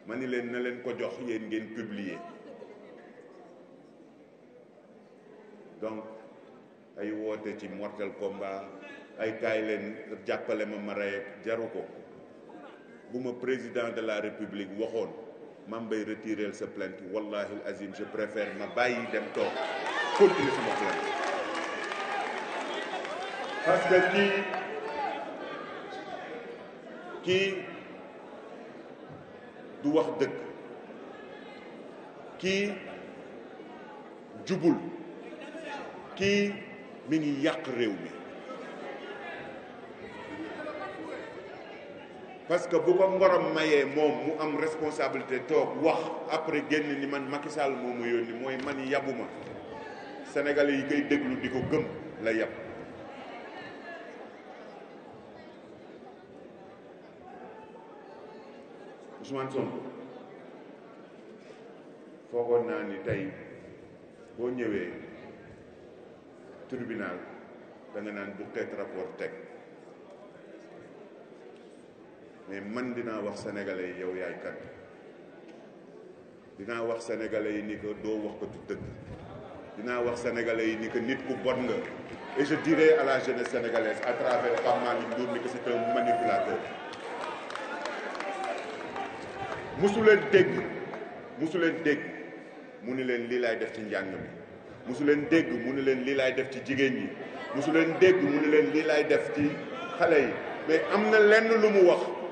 ma ni leen na leen ko jox yéen ngeen publier donc ay woote ci mortel combat ay kaay leen jàppale ma ma rey jaru ko si le président de la république waxoon ma mbay retireel sa plainte wallahi azim je préfère ma bàyyi dem toog plainte parce que qui, qui, du wax dëgg qui, jubul kii mi ngi parce que bu ko ngorom maye mom mu am responsabilité tok wax après genn ni man Macky Sall moo yoni moy man yabuma sénégalais yi kay déglu diko gëm la yab Ousmane Sonko foko na ni tay bo ñëwé tribunal da nga nan bu xeet rapport tek mais man dinaa wax sénégalais yow yaay kat dina wax sénégalais ni que do wax ko du dëgg dinaa wax sénégalais ni que nit ku bon nga et je dirai à la jeunesse sénégalaise à travers Pape Ndour ni que c'est un manipulateur musu leen dégg musu leen dégg mu ni leen lii laay def ci njàng mi musu leen dégg mu ni leen lii laay def ci jigéen ñi musu leen dégg mu ni leen lii laay def ci xalé yi mais amna len lenn lu mu wax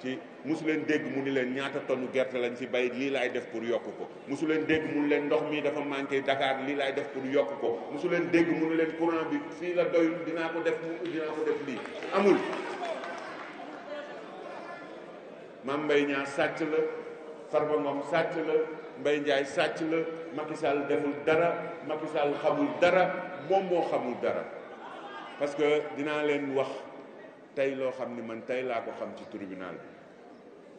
ci mosu leen dégg mu ni leen ñaata tonnu gerte lañ fi bay lii laay def pour yokk ko mosu leen dégg mu ni leen ndox mi dafa manqué Dakar lii laay def pour yokk ko mosu leen dégg mu ni leen courant bi fii la doyul dinaa ko def mu dinaa ko lii amul Mame Mbaye Niang sàcc la Farba Ngom sàcc la Mbaye njaay sàcc la Macky Sall deful dara Macky Sall xamul dara moom moo xamul dara parce que dinaa leen wax tay lo xamni ni man tay la ko xam ci tribunal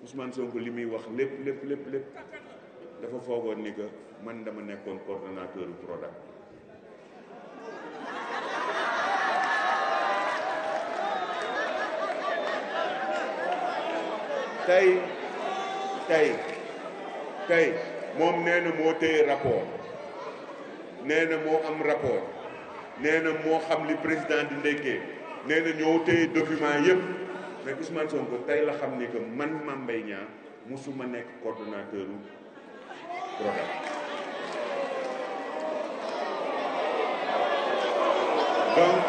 Ousmane Sonko limi wax lip. lepp lepp lepp dafa fogo ni ko man dama nekkon coordinateur product tay tay tay mom neena mo tey rapport neena mo am rapport neena mo xam li président di nee na ñoo téye document yëpp mais Ousmane tey la xam ni que man Mame Mbaye Niang musuma nekk coordonnateur u donc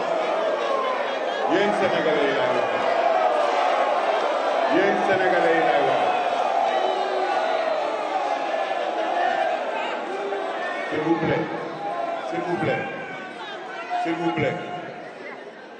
yéen sénégalais yi laay wax yéen sénégalais yi laay wax s'il vous plaît s'il vous plaît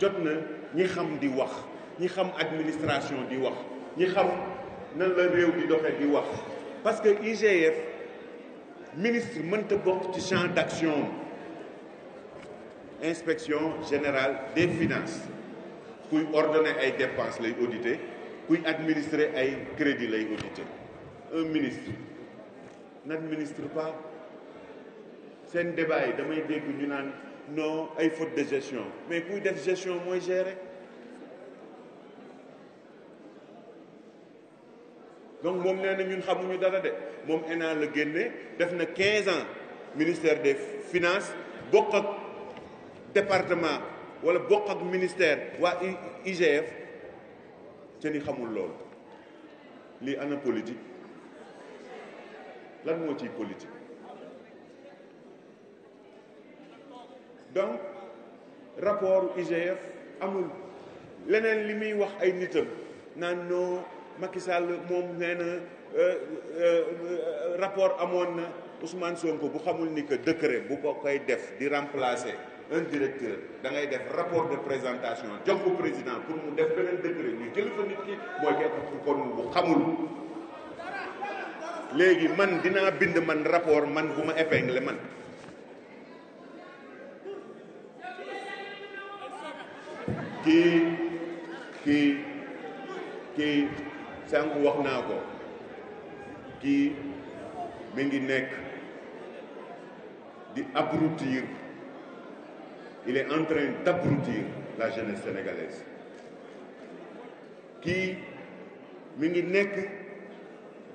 jot na ñi xam di wax ñi xam administration di wax ñi xam nan la réew di doxe di wax parce que IGF ministre mënta bokk ci champ d'action inspection générale des finances kuy ordonner ay dépenses lay auditer kuy administrer ay crédits lay auditer un ministre n'administre pas un débat yi damay dégg ñu naan non il faut de gestion mais pour des gestion moins gérer donc moom nee je ñun xamuñu dara de moom ENA la génne def na 15 ans ministère des finances beaucoup de départements, wala bokk ministères, ministère waa IGF te ni xamul loolu lii ana politique lan moo ciy politique. donc rapport IGF amul leneen li muy wax ay nitam naan non Macky moom nee na euh, euh, rapport amoon na Ousmane Sonko bu xamul ni que décret bu ko koy def di remplacer un directeur da ngay def rapport de présentation jox ko président pour mu def beneen décret ñu jël fa nit ki mooy képp kon bu xamul. léegi man dinaa bind man rapport man bu ma épinglé man. ki ki ki sànq wax ko kii di abrutir il est en train d'abrutir la jeunesse sénégalaise ki mingi nek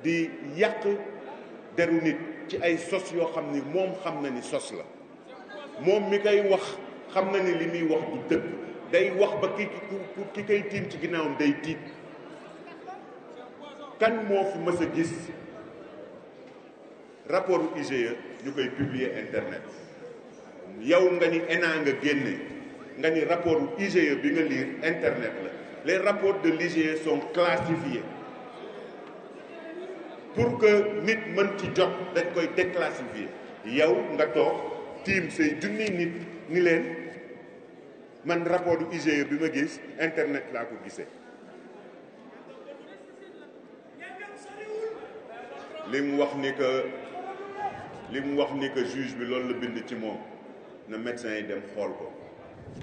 di yak deru nit ci ay sos yo xamni mom xamna ni sos la mom mi kay wax xamna ni limi wax du deug day wax ba ki ki kay tim ci ginnaawam day tit kan moo fi mës a gis rapport IGE ñu koy publier internet yow nga ni ENA nga génne nga ni rapport IGE bi nga lire internet la les rapports de l'IGE sont classifiés pour que nit mën ci jot dañ koy déclassifier yow nga toog tiim say junni nit ni leen man rapport du IGE bi ma gis internet la ko gisee li mu wax ni que li wax ni que juge bi loolu la bind ci moom na médecin yi dem xool ko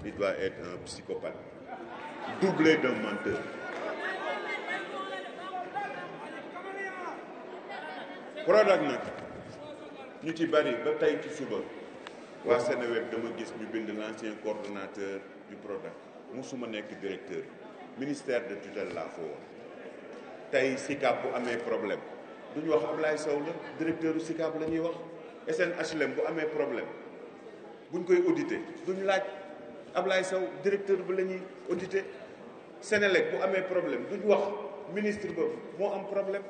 il doit être un psychopathe doublé d'un menteur Prodac nag ñu ci bari ba tey ci suba waa web dama gis ñu bind l'ancien coordinateur du PRODAC musuma nekk directeur ministère de tutelle la fo woon tey SICAP bu amee problème duñ wax Ablaye Sow la directeur u SICAP la wax SNHLM bu amé problème buñ koy auditer duñ laaj Ablaye Sow directeur bu lañuy auditer audité Sénélec bu amee problème duñ wax ministre ba mo am problème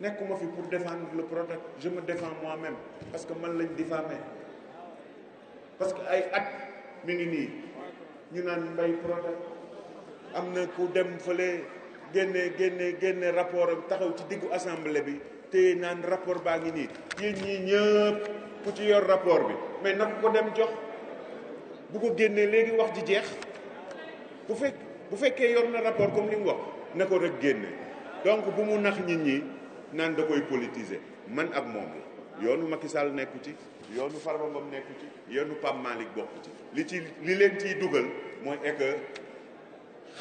nekkuma fi pour défendre le projet, je me défends moi-même parce que man lañ diffamé parce que ay at mi ngi nii ñu naan mbay Prodac am na ku dem fële génne génne génne rapport taxaw ci diggu assemblée bi te naan rapport baa ngi nii yéen ñii ñëpp ku ci yor rapport bi mais na ko dem jox bu ko génnee léegi wax ji jeex bu fekk bu fekkee yor na rapport comme li mu wax na ko rek génne donc bu mu nax nit ñi naan da koy politiser man ak moom la yoonu Macky Sall nekku ci yoonu Farba Ngom nekku ci yoonu Pape Malick bokk ci li ci li leen ciy dugal mooy est que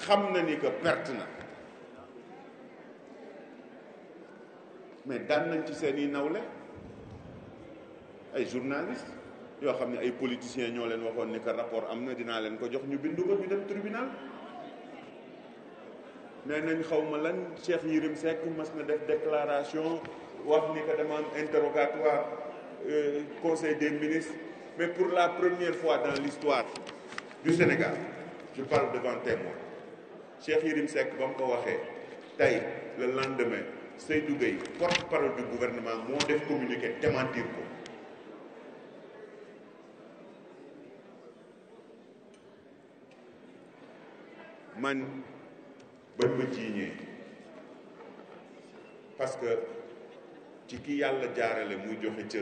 xam na ni que perte na mais daan nañ ci seen i nawle ay journaliste yoo xam ne ay politiciens ñoo leen waxoon ni que rapport am na dinaa leen ko jox ñu bindu ko ñu dem tribunal nee nañ xaw ma lan Cheikh Yérim Seck mas na def déclaration wax ni ko dama am interrogatoire Euh, conseil des ministres, mais pour la première fois dans l'histoire du Sénégal, je parle devant témoin. Cheikh Yirim Seck le lendemain Seydou Gueye porte-parole du gouvernement moo communiquer, démentir man ben parce que ci ki le jaarale le joxe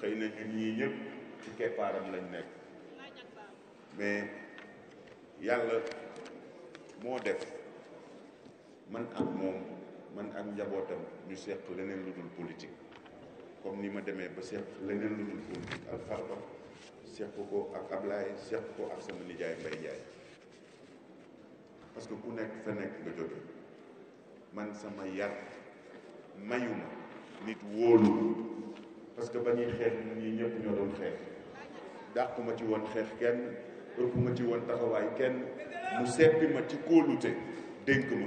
xëy na ñun ñii ñëpp ci keppaaram lañu nekk mais yàlla moo def man ak moom man ak njabootam ñu seq leneen lu dul politique comme ni ma demee ba seq leneen lu dul politique ak Farba seq ko ak Ablaye seq ko ak sama nijaay Mbaye Ndiaye parce que ku nekk sa nekk nga jóge man sama yar mayuma nit wóolu parce que ba ñuy xeex ñun ñii ñëpp ñoo doon xeex dàqu ci woon xeex kenn ëpp ma ci woon taxawaay kenn mu seppi ma ci kóolute dénk ma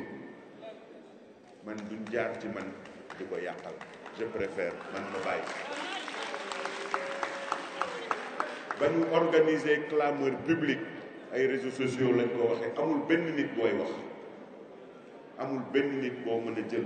man duñ jaar ci man di ko yàqal je préfère man ma bàyyi. ba ñu organiser clameur publique ay réseaux sociaux lañ ko waxee amul benn nit booy wax amul benn nit boo mën a jël.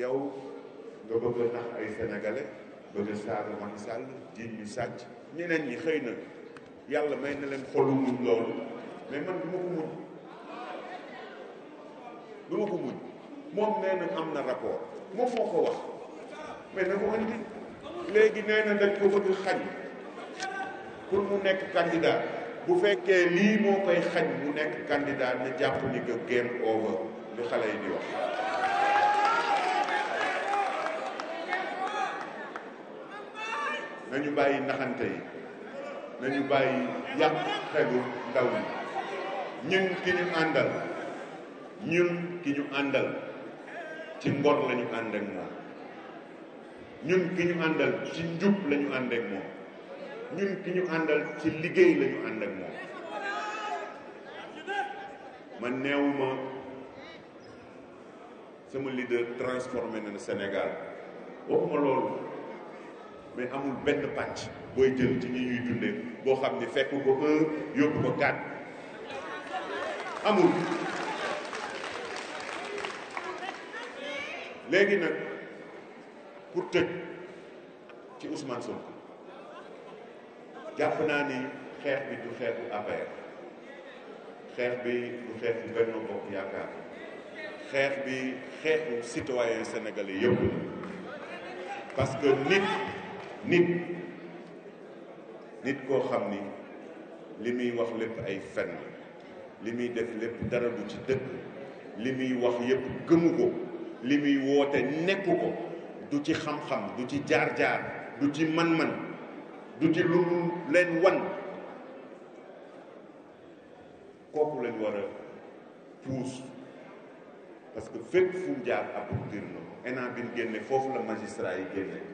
yow nga bëgg a nax ay sénégalais bëgg a saaga Macky jiiñ ñu sàcc ñeneen yi xëy na yàlla may na leen xolu muñ loolu mais man du ma ko muñ du ma ko muñ moom nee na am na rapport moom moo ko wax mais na ko andi léegi nee na dañ ko bëgg xañ pour mu nekk candidat bu fekkee lii moo koy xañ mu nekk candidat na jàpp ni ko game over li xale yi di wax nañu bayyi naxante yi nañu bayyi yàq xelu ndaw yi ñun ki ñu àndal ñun ki ñu àndal ci ngor lañu ànd ak moom ñun ki ñu àndal ci njub lañu ànd ak moom ñun ki ñu àndal ci liggéey lañu ànd ak moom man neewuma sama leader transformé na Sénégal waxuma loolu mais amul benn pàcc booy jël ci ñi ñuy dundee boo xam ne fekk ko un yóbbu ko quatre amul léegi nag pour tëj ci Ousmane Sonko jàpp naa ni xeex bi du xeexu affaire xeex bi du xeexu Benno Bokk Yaakaar xeex bi xeexu citoyen sénégalais yëpp parce nit nit nit ko xamni limi wax lépp ay fenn limi def lépp dara du ci dëkk limi wax yépp gëmu limi wote muy du ci xam-xam du ci jaar-jaar du ci man-man du ci lu len wan kooku lañ war a puus parce que fépp fu jaar abou dirno ena bin génne fofu la magistrat yi génne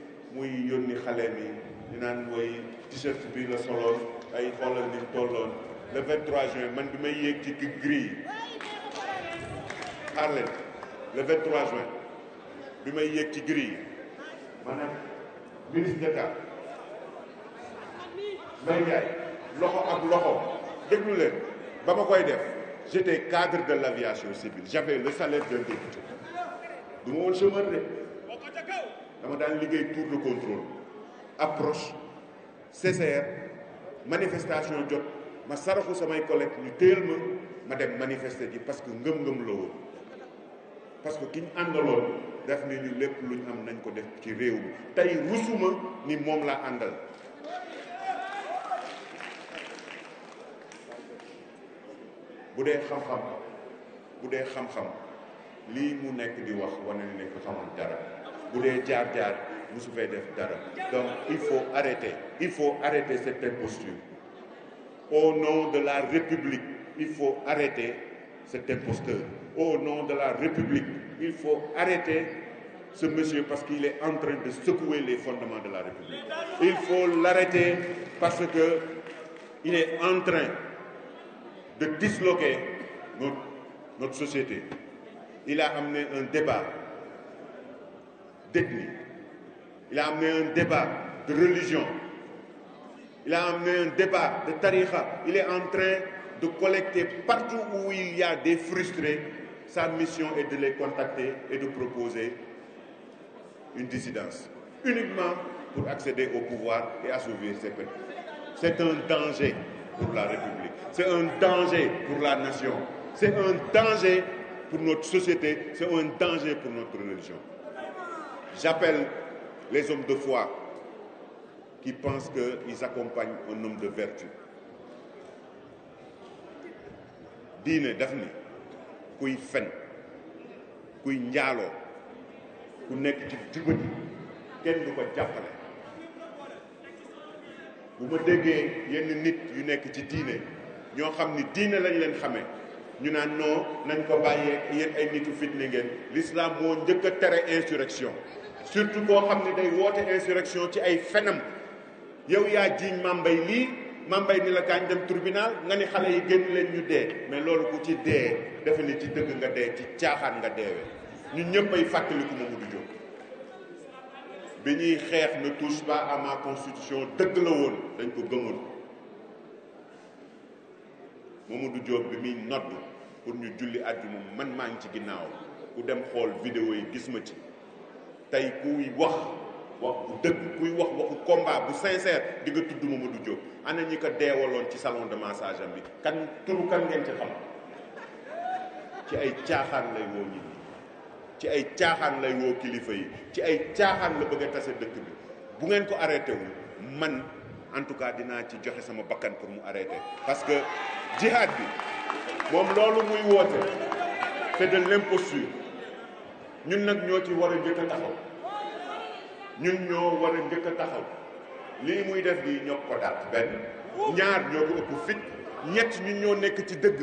muy yoni xale bi ñu naan mooy t-shirt bi la soloon ay xoolal ni tolloon le 23 juin man bi may yéeg ci gris xaar le 23 juin bi may yéeg ci gris maanaam ministre d'État may Ndiaye loxo ak loxo déglu leen ba ma koy def j'étais cadre de l'aviation civile j'avais le salaire d'un député du ma woon chômeur de dama daan liggéey tour de contrôle approche CCR manifestation jot ma saraxu samay collègues ñu téyel ma ma dem manifester ji parce que ngëm-ngëm la parce que ki ñu àndaloon def ni ñu lépp lu am nañ ko def ci réew mi tey ni moom laa àndal bu dee xam-xam bu dee xam-xam lii mu nekk di wax wane nekk xamul dara vous voulez vous donc il faut arrêter il faut arrêter cette imposture au nom de la République il faut arrêter cet imposteur au nom de la République il faut arrêter ce monsieur parce qu'il est en train de secouer les fondements de la République il faut l'arrêter parce que il est en train de disloquer notre société il a amené un débat d'ethnie. Il a amené un débat de religion. Il a amené un débat de tariqa. Il est en train de collecter partout où il y a des frustrés. Sa mission est de les contacter et de proposer une dissidence. Uniquement pour accéder au pouvoir et assouvir ses peines. C'est un danger pour la République. C'est un danger pour la nation. C'est un danger pour notre société. C'est un danger pour notre religion. J'appelle les hommes de foi qui pensent qu'ils accompagnent un homme de vertu. diine qui qui kuy qui kuy njaaloo ku nekk ci qui kenn du ko jàppale bu vous. Vous yenn nit yu nekk ci l'islam insurrection surtout koo xam ne day woote insurrection ci ay fenam yow yaa jiiñ mambay lii mambay ni la kaañ dem tribunal nga ni xale yi génn leen ñu dee mais loolu ku ci dee defe ni ci dëgg nga dee ci caaxaan nga deewee ñun ñëpp ay fàttaliku Mamadou Diop bi ñuy xeex na touche pas à ma constitution dëgg la woon dañ ko gëmoon Mamadou Diop bi muy nodd pour ñu julli àjjuma man maa ngi ci ginnaaw ku dem xool vidéo yi gis ma ci tey kuy wax wax bu dëgg kuy wax waxu combat bu sincère di nga du jóg Diop ana ñi ko deewaloon ci salon de massage bi kan turu kan ngeen ci xam ci ay caaxaan lay woo nit ñi ci ay caaxaan lay woo kilifa yi ci ay caaxaan la bëgge a tase dëkk bi bu ngeen ko arrêté wu man en tout cas dinaa ci joxe sama bakkan pour mu arrêté parce que jihad bi moom loolu muy woote c'est de ñun nag ñoo ci war a njëkk a taxaw ñun ñoo war a njëkk taxaw lii muy def di ñoo ko daal benn ñaar ñoo ko ëpp fit ñett ñun ñoo nekk ci dëgg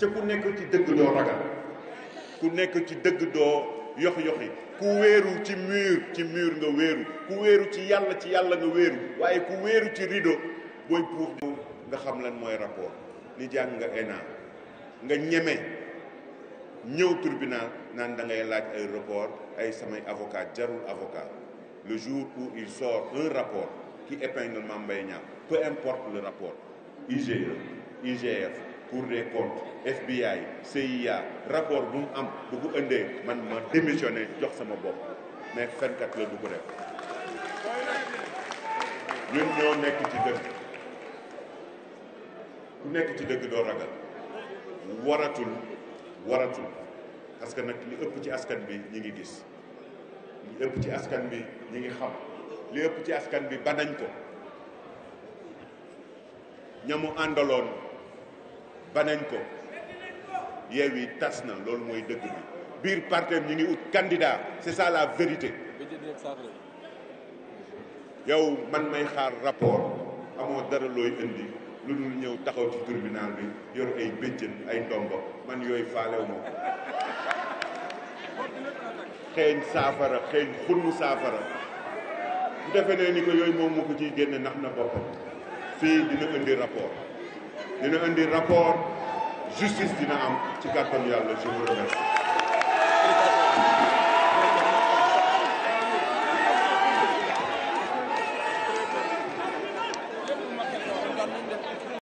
ca ku nekk ci dëgg doo ragal ku nekk ci dëgg doo yox yoxi ku wéeru ci mur ci mur nga wéeru ku wéeru ci yàlla ci yàlla nga wéeru waaye ku wéeru ci rido booy puux nga xam lan mooy rapport li jàng nga ENA nga ñeme ñëw tribunal Nan da ngay laaj ay rapport ay samay avocat jarul avocat le jour où il sort un rapport qui épingle Mame Mbaye peu importe le rapport IGE IGF pour des comptes FBI CIA rapport bu mu am bu ko ëndé man ma démissionné jox sama bopp mais fenkat la du ko def ñun ñoo nekk ci dëgg ku nekk ci dëgg do ragal waratul waratul parce que nag li ëpp ci askan bi ñi ngi gis li ëpp ci askan bi ñi ngi xam li ëpp ci askan bi banañ ko ñamu àndaloon banañ ko Yewwi tas na loolu mooy dëgg bi biir partem ñi ngi ut candidat c'est la vérité yow man may xaar rapport amoo dara looy indi lu dul ñëw taxaw ci tribunal bi yor ay béjjën ay ndombo man yooyu faalew moom xeeñ saafara xeeñ xurmu saafara bu defee ne ni ko yooyu moom moo ko ciy génne nax na boppam fii dina indi rapport dina indi rapport justice dina am ci kàttan yàlla je